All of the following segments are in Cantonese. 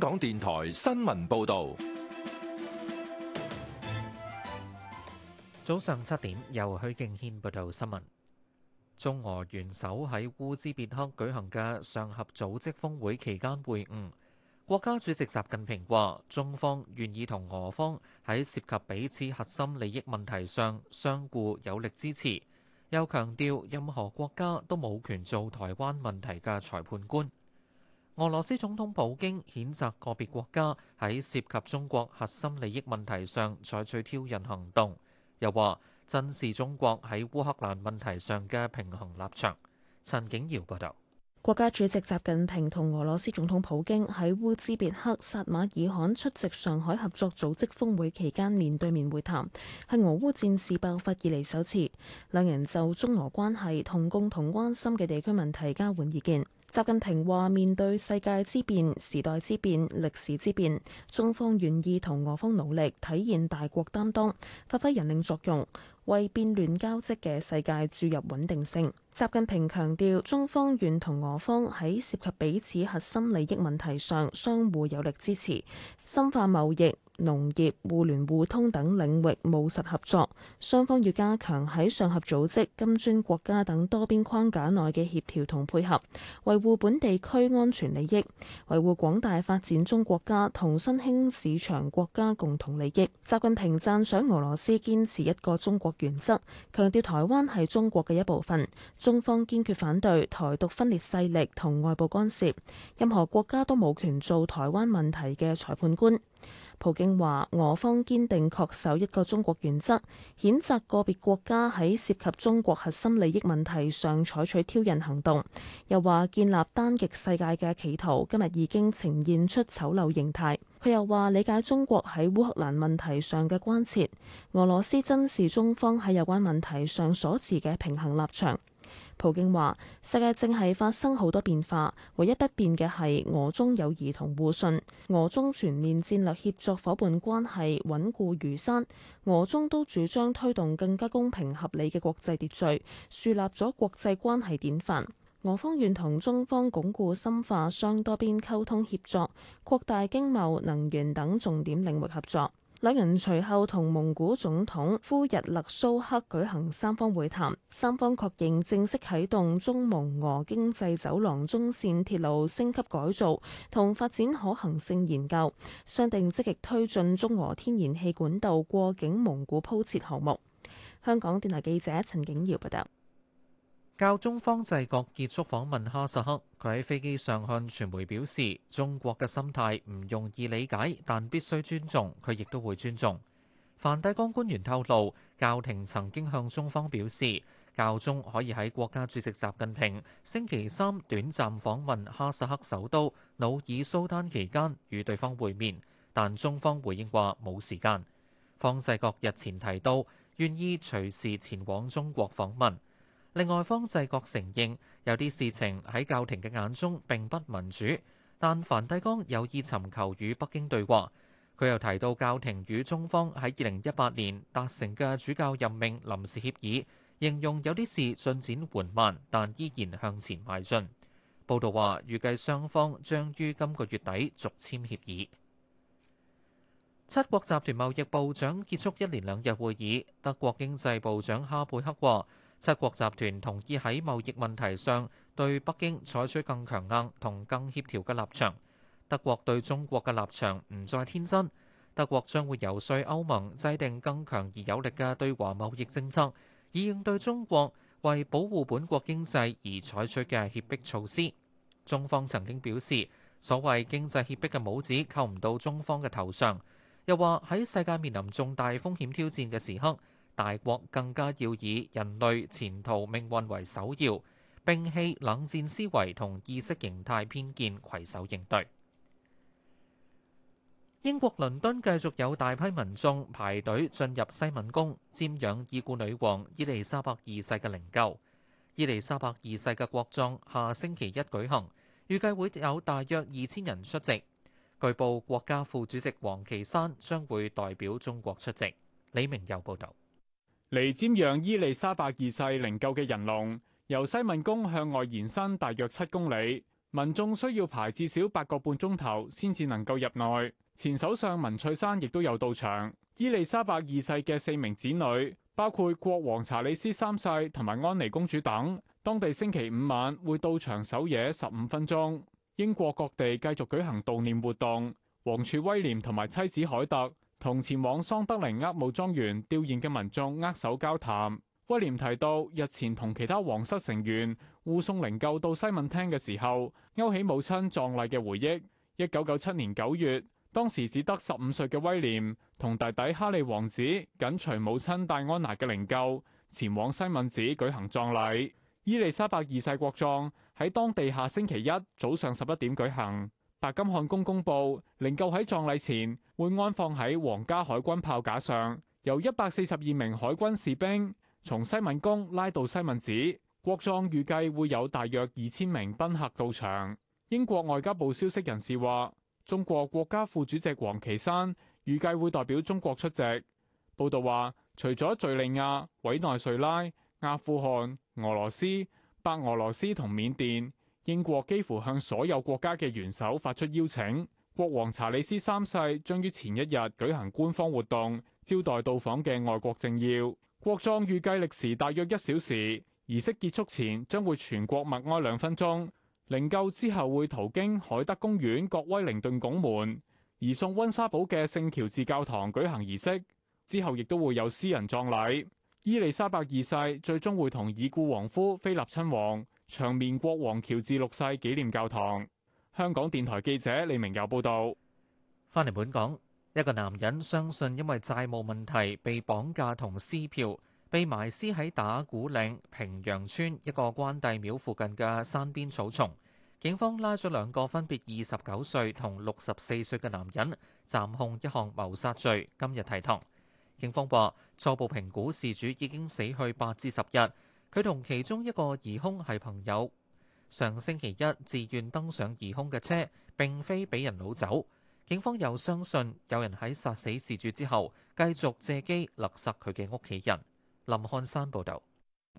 香港電台新聞報道，早上七點由許敬軒報道新聞。中俄元首喺烏茲別克舉行嘅上合組織峰會期間會晤，國家主席習近平話：中方願意同俄方喺涉及彼此核心利益問題上相互有力支持，又強調任何國家都冇權做台灣問題嘅裁判官。俄羅斯總統普京譴責個別國家喺涉及中國核心利益問題上採取挑釁行動，又話珍視中國喺烏克蘭問題上嘅平衡立場。陳景瑤報道：國家主席習近平同俄羅斯總統普京喺烏茲別克撒馬爾罕出席上海合作組織峰會期間面對面會談，係俄烏戰事爆發以嚟首次。兩人就中俄關係同共同關心嘅地區問題交換意見。習近平話：面對世界之變、時代之變、歷史之變，中方願意同俄方努力，體現大國擔當，發揮引領作用，為變亂交織嘅世界注入穩定性。習近平強調，中方願同俄方喺涉及彼此核心利益問題上相互有力支持，深化貿易、農業、互聯互通等領域務實合作。雙方要加強喺上合組織、金磚國家等多邊框架內嘅協調同配合，維護本地區安全利益，維護廣大發展中國家同新興市場國家共同利益。習近平讚賞俄羅斯堅持一個中國原則，強調台灣係中國嘅一部分。中方堅決反對台獨分裂勢力同外部干涉，任何國家都冇權做台灣問題嘅裁判官。普京話：俄方堅定恪守一個中國原則，譴責個別國家喺涉及中國核心利益問題上採取挑釁行動，又話建立單極世界嘅企圖今日已經呈現出醜陋形態，佢又話理解中國喺烏克蘭問題上嘅關切，俄羅斯珍視中方喺有關問題上所持嘅平衡立場。普京話：世界正係發生好多變化，唯一不變嘅係俄中友誼同互信，俄中全面戰略協作夥伴關係穩固如山。俄中都主張推動更加公平合理嘅國際秩序，樹立咗國際關係典範。俄方願同中方鞏固深化雙多邊溝通協作，擴大經貿、能源等重點領域合作。兩人隨後同蒙古總統呼日勒蘇克舉行三方會談，三方確認正式啟動中蒙俄經濟走廊中線鐵路升級改造同發展可行性研究，商定積極推進中俄天然氣管道過境蒙古鋪設項目。香港電台記者陳景耀報道。教中方制國結束訪問哈薩克，佢喺飛機上向傳媒表示，中國嘅心態唔容易理解，但必須尊重，佢亦都會尊重。梵蒂岡官員透露，教廷曾經向中方表示，教宗可以喺國家主席習近平星期三短暫訪問哈薩克首都努爾蘇丹期間與對方會面，但中方回應話冇時間。方濟各日前提到願意隨時前往中國訪問。另外，方濟各承認有啲事情喺教廷嘅眼中並不民主，但梵蒂岡有意尋求與北京對話。佢又提到教廷與中方喺二零一八年達成嘅主教任命臨時協議，形容有啲事進展緩慢，但依然向前邁進。報道話，預計雙方將於今個月底續簽協議。七國集團貿易部長結束一連兩日會議，德國經濟部長哈貝克話。七國集團同意喺貿易問題上對北京採取更強硬同更協調嘅立場。德國對中國嘅立場唔再天真，德國將會遊說歐盟制定更強而有力嘅對華貿易政策，以應對中國為保護本國經濟而採取嘅脅迫措施。中方曾經表示，所謂經濟脅迫嘅帽子扣唔到中方嘅頭上，又話喺世界面臨重大風險挑戰嘅時刻。大國更加要以人類前途命運為首要，摒棄冷戰思維同意識形態偏見，攜手應對。英國倫敦繼續有大批民眾排隊進入西敏宮瞻仰已故女王伊利沙伯二世嘅靈柩。伊利沙伯二世嘅國葬下星期一舉行，預計會有大約二千人出席。據報國家副主席王岐山將會代表中國出席。李明有報導。嚟瞻仰伊麗莎白二世靈柩嘅人龍，由西敏宮向外延伸大約七公里，民眾需要排至少八個半鐘頭先至能夠入內。前首相文翠珊亦都有到場。伊麗莎白二世嘅四名子女，包括國王查理斯三世同埋安妮公主等，當地星期五晚會到場守夜十五分鐘。英國各地繼續舉行悼念活動。王儲威廉同埋妻子凱特，同前往桑德靈厄姆莊園吊唁嘅民眾握手交談。威廉提到，日前同其他皇室成員護送靈柩到西敏廳嘅時候，勾起母親葬禮嘅回憶。一九九七年九月，當時只得十五歲嘅威廉同弟弟哈利王子緊隨母親戴安娜嘅靈柩前往西敏寺舉行葬禮。伊利沙伯二世國葬喺當地下星期一早上十一點舉行。白金漢宮公布，靈柩喺葬禮前會安放喺皇家海軍炮架上，由一百四十二名海軍士兵從西敏宮拉到西敏寺。國葬預計會有大約二千名賓客到場。英國外交部消息人士話，中國國家副主席王岐山預計會代表中國出席。報導話，除咗敍利亞、委內瑞拉、阿富汗、俄羅斯、白俄羅斯同緬甸，英國幾乎向所有國家嘅元首發出邀請。國王查理斯三世將於前一日舉行官方活動，招待到訪嘅外國政要。國葬預計歷時大約一小時，儀式結束前將會全國默哀兩分鐘。靈柩之後會途經海德公園角、威靈頓拱門，移送溫莎堡嘅聖喬治教堂舉行儀式。之後亦都會有私人葬禮。伊麗莎白二世最終會同已故王夫菲立親王長眠國王喬治六世紀念教堂。香港電台記者李明游報道。翻嚟本港，一個男人相信因為債務問題被綁架同撕票，被埋屍喺打鼓嶺坪洋村一個關帝廟附近嘅山邊草叢。警方拉咗兩個分別二十九歲同六十四歲嘅男人，暫控一項謀殺罪，今日提堂。警方話初步評估，事主已經死去八至十日。佢同其中一個疑兇係朋友，上星期一自願登上疑兇嘅車，並非俾人攞走。警方又相信有人喺殺死事主之後，繼續借機勒殺佢嘅屋企人。林漢山報道，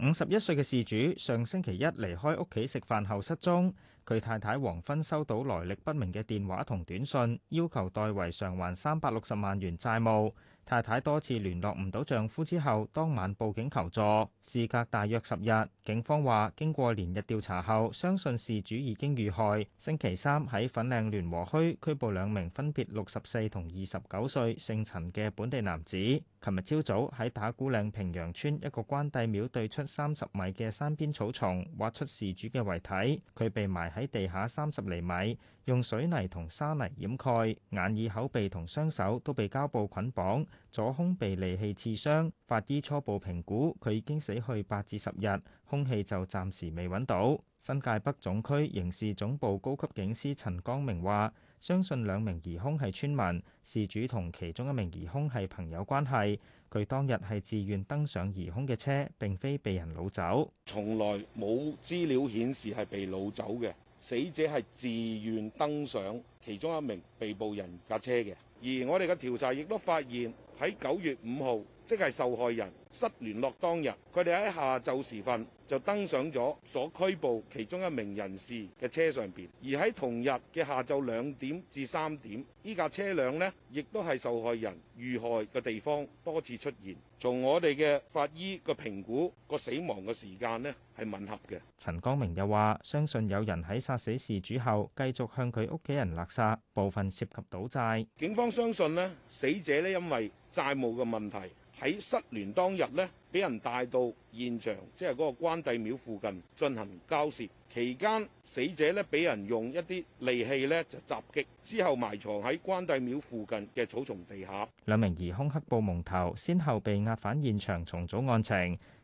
五十一歲嘅事主上星期一離開屋企食飯後失蹤，佢太太黃芬收到來歷不明嘅電話同短信，要求代為償還三百六十萬元債務。太太多次聯絡唔到丈夫之後，當晚報警求助。事隔大約十日，警方話經過連日調查後，相信事主已經遇害。星期三喺粉嶺聯和墟拘捕兩名分別六十四同二十九歲、姓陳嘅本地男子。琴日朝早喺打鼓嶺坪洋村一個關帝廟對出三十米嘅山邊草叢挖出事主嘅遺體，佢被埋喺地下三十厘米。用水泥同沙泥掩蓋，眼耳口鼻同雙手都被膠布捆綁，左胸被利器刺傷。法醫初步評估，佢已經死去八至十日，兇器就暫時未揾到。新界北總區刑事總部高級警司陳光明話，相信兩名疑兇係村民，事主同其中一名疑兇係朋友關係。佢當日係自願登上疑兇嘅車，並非被人擄走。從來冇資料顯示係被擄走嘅。死者係自願登上其中一名被捕人架車嘅，而我哋嘅調查亦都發現喺九月五號。即係受害人失聯絡當日，佢哋喺下晝時分就登上咗所拘捕其中一名人士嘅車上邊，而喺同日嘅下晝兩點至三點，依架車輛呢亦都係受害人遇害嘅地方多次出現。從我哋嘅法醫個評估，個死亡嘅時間呢係吻合嘅。陳光明又話：相信有人喺殺死事主後，繼續向佢屋企人勒殺，部分涉及賭債。警方相信呢死者呢因為債務嘅問題。喺失聯當日呢，俾人帶到現場，即係嗰個關帝廟附近進行交涉。期間死者呢俾人用一啲利器呢就襲擊，之後埋藏喺關帝廟附近嘅草叢地下。兩名疑兇黑布蒙頭，先後被押返現場重組案情。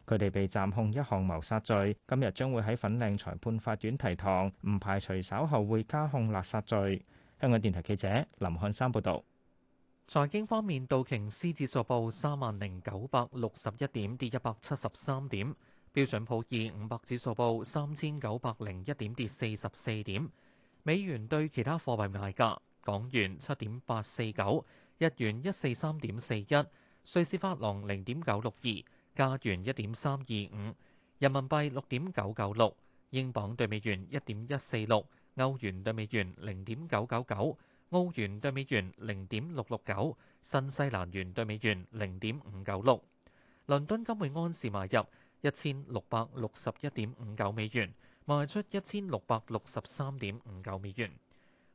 佢哋被暫控一項謀殺罪，今日將會喺粉嶺裁判法院提堂，唔排除稍後會加控勒殺罪。香港電台記者林漢山報導。財經方面，道瓊斯指數報三萬零九百六十一點，跌一百七十三點；標準普爾五百指數報三千九百零一點，跌四十四點。美元對其他貨幣賣價：港元七點八四九，日元一四三點四一，瑞士法郎零點九六二，加元一點三二五，人民幣六點九九六，英鎊兌美元一點一四六，歐元兌美元零點九九九。澳元兌美元零點六六九，新西蘭元兌美元零點五九六。倫敦金幣安士買入一千六百六十一點五九美元，賣出一千六百六十三點五九美元。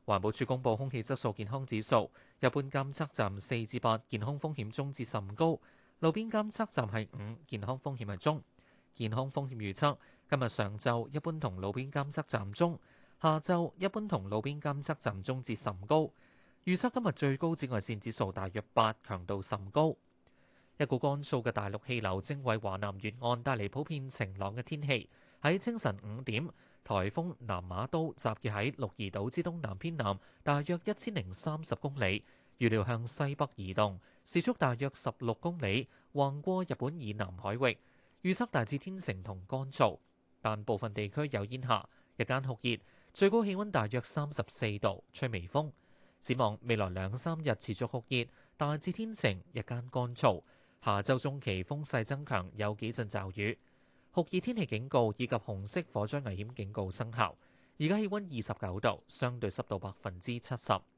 環保署公布空氣質素健康指數，一般監測站四至八，8，健康風險中至甚高；路邊監測站係五，健康風險係中。健康風險預測今日上晝一般同路邊監測站中。下晝一般同路邊監測站中至甚高，預測今日最高紫外線指數大約八，強度甚高。一股乾燥嘅大陸氣流正為華南沿岸帶嚟普遍晴朗嘅天氣，喺清晨五點台風南馬都集結喺鹿兒島之東南偏南，大約一千零三十公里，預料向西北移動，時速大約十六公里，橫過日本以南海域。預測大致天晴同乾燥，但部分地區有煙霞，日間酷熱。最高氣溫大約三十四度，吹微風。展望未來兩三日持續酷熱，大致天晴，日間乾燥。下周中期風勢增強，有幾陣驟雨。酷熱天氣警告以及紅色火災危險警告生效。而家氣温二十九度，相對濕度百分之七十。